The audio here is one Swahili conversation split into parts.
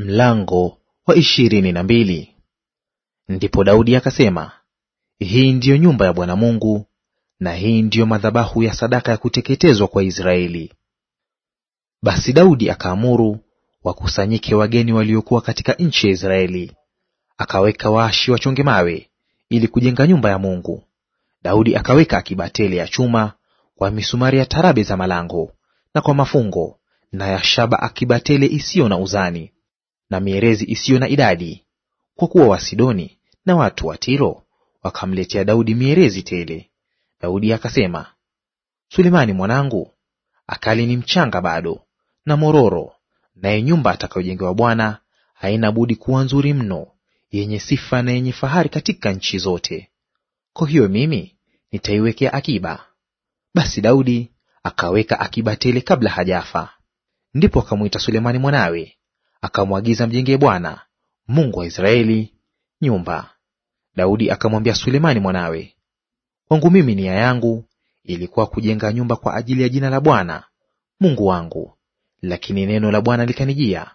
Mlango wa ishirini na mbili. Ndipo Daudi akasema, hii ndiyo nyumba ya Bwana Mungu, na hii ndiyo madhabahu ya sadaka ya kuteketezwa kwa Israeli. Basi Daudi akaamuru wakusanyike wageni waliokuwa katika nchi ya Israeli, akaweka waashi wachonge mawe ili kujenga nyumba ya Mungu. Daudi akaweka akibatele ya chuma kwa misumari ya tarabe za malango na kwa mafungo, na ya shaba akibatele isiyo na uzani na mierezi isiyo na idadi, kwa kuwa Wasidoni na watu wa Tiro wakamletea Daudi mierezi tele. Daudi akasema, Sulemani mwanangu akali ni mchanga bado na mororo, naye nyumba atakayojengewa Bwana haina budi kuwa nzuri mno, yenye sifa na yenye fahari katika nchi zote. Kwa hiyo mimi nitaiwekea akiba. Basi Daudi akaweka akiba tele kabla hajafa. Ndipo akamwita Sulemani mwanawe akamwagiza mjengee Bwana Mungu wa Israeli nyumba. Daudi akamwambia Sulemani mwanawe, kwangu mimi nia yangu ilikuwa kujenga nyumba kwa ajili ya jina la Bwana Mungu wangu, lakini neno la Bwana likanijia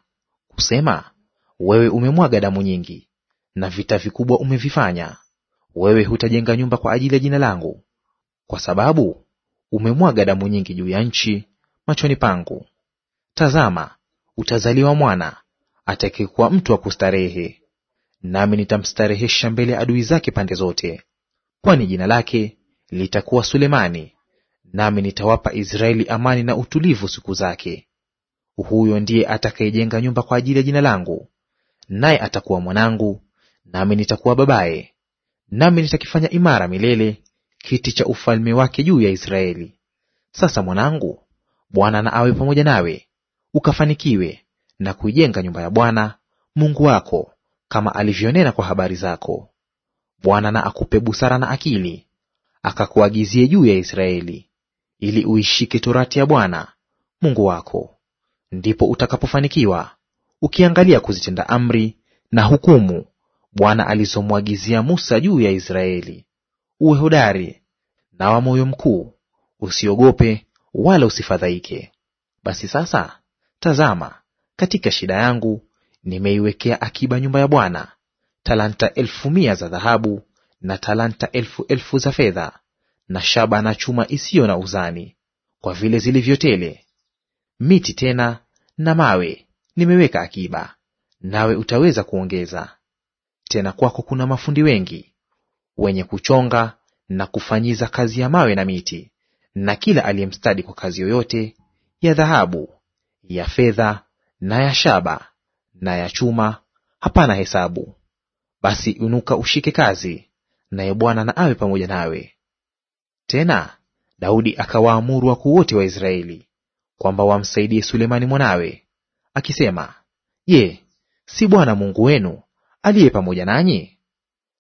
kusema, wewe umemwaga damu nyingi na vita vikubwa umevifanya, wewe hutajenga nyumba kwa ajili ya jina langu, kwa sababu umemwaga damu nyingi juu ya nchi machoni pangu. Tazama, utazaliwa mwana atakayekuwa mtu wa kustarehe, nami nitamstarehesha mbele ya adui zake pande zote. Kwani jina lake litakuwa Sulemani, nami nitawapa Israeli amani na utulivu siku zake. Huyo ndiye atakayejenga nyumba kwa ajili ya jina langu, naye atakuwa mwanangu, nami nitakuwa babaye, nami nitakifanya imara milele kiti cha ufalme wake juu ya Israeli. Sasa mwanangu, Bwana na awe pamoja nawe, ukafanikiwe na kuijenga nyumba ya Bwana Mungu wako kama alivyonena kwa habari zako. Bwana na akupe busara na akili, akakuagizie juu ya Israeli, ili uishike torati ya Bwana Mungu wako. Ndipo utakapofanikiwa ukiangalia kuzitenda amri na hukumu Bwana alizomwagizia Musa juu ya Israeli. Uwe hodari na wa moyo mkuu, usiogope wala usifadhaike. Basi sasa Tazama, katika shida yangu nimeiwekea akiba nyumba ya Bwana talanta elfu mia za dhahabu na talanta elfu elfu za fedha na shaba na chuma isiyo na uzani, kwa vile zilivyotele. Miti tena na mawe nimeweka akiba, nawe utaweza kuongeza. Tena kwako kuna mafundi wengi wenye kuchonga na kufanyiza kazi ya mawe na miti, na kila aliyemstadi kwa kazi yoyote ya dhahabu ya fedha na ya shaba na ya chuma hapana hesabu. Basi inuka ushike kazi, naye Bwana na awe pamoja nawe. Tena Daudi akawaamuru wakuu wote wa Israeli kwamba wamsaidie Sulemani mwanawe, akisema, Je, si Bwana Mungu wenu aliye pamoja nanyi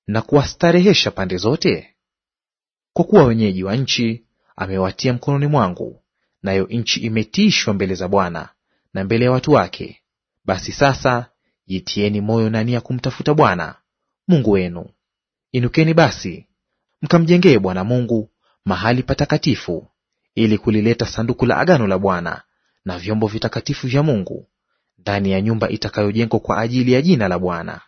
na kuwastarehesha pande zote? Kwa kuwa wenyeji wa nchi amewatia mkononi mwangu, nayo nchi imetiishwa mbele za Bwana na mbele ya watu wake. Basi sasa jitieni moyo na nia kumtafuta Bwana Mungu wenu. Inukeni basi mkamjengee Bwana Mungu mahali patakatifu, ili kulileta sanduku la agano la Bwana na vyombo vitakatifu vya Mungu ndani ya nyumba itakayojengwa kwa ajili ya jina la Bwana.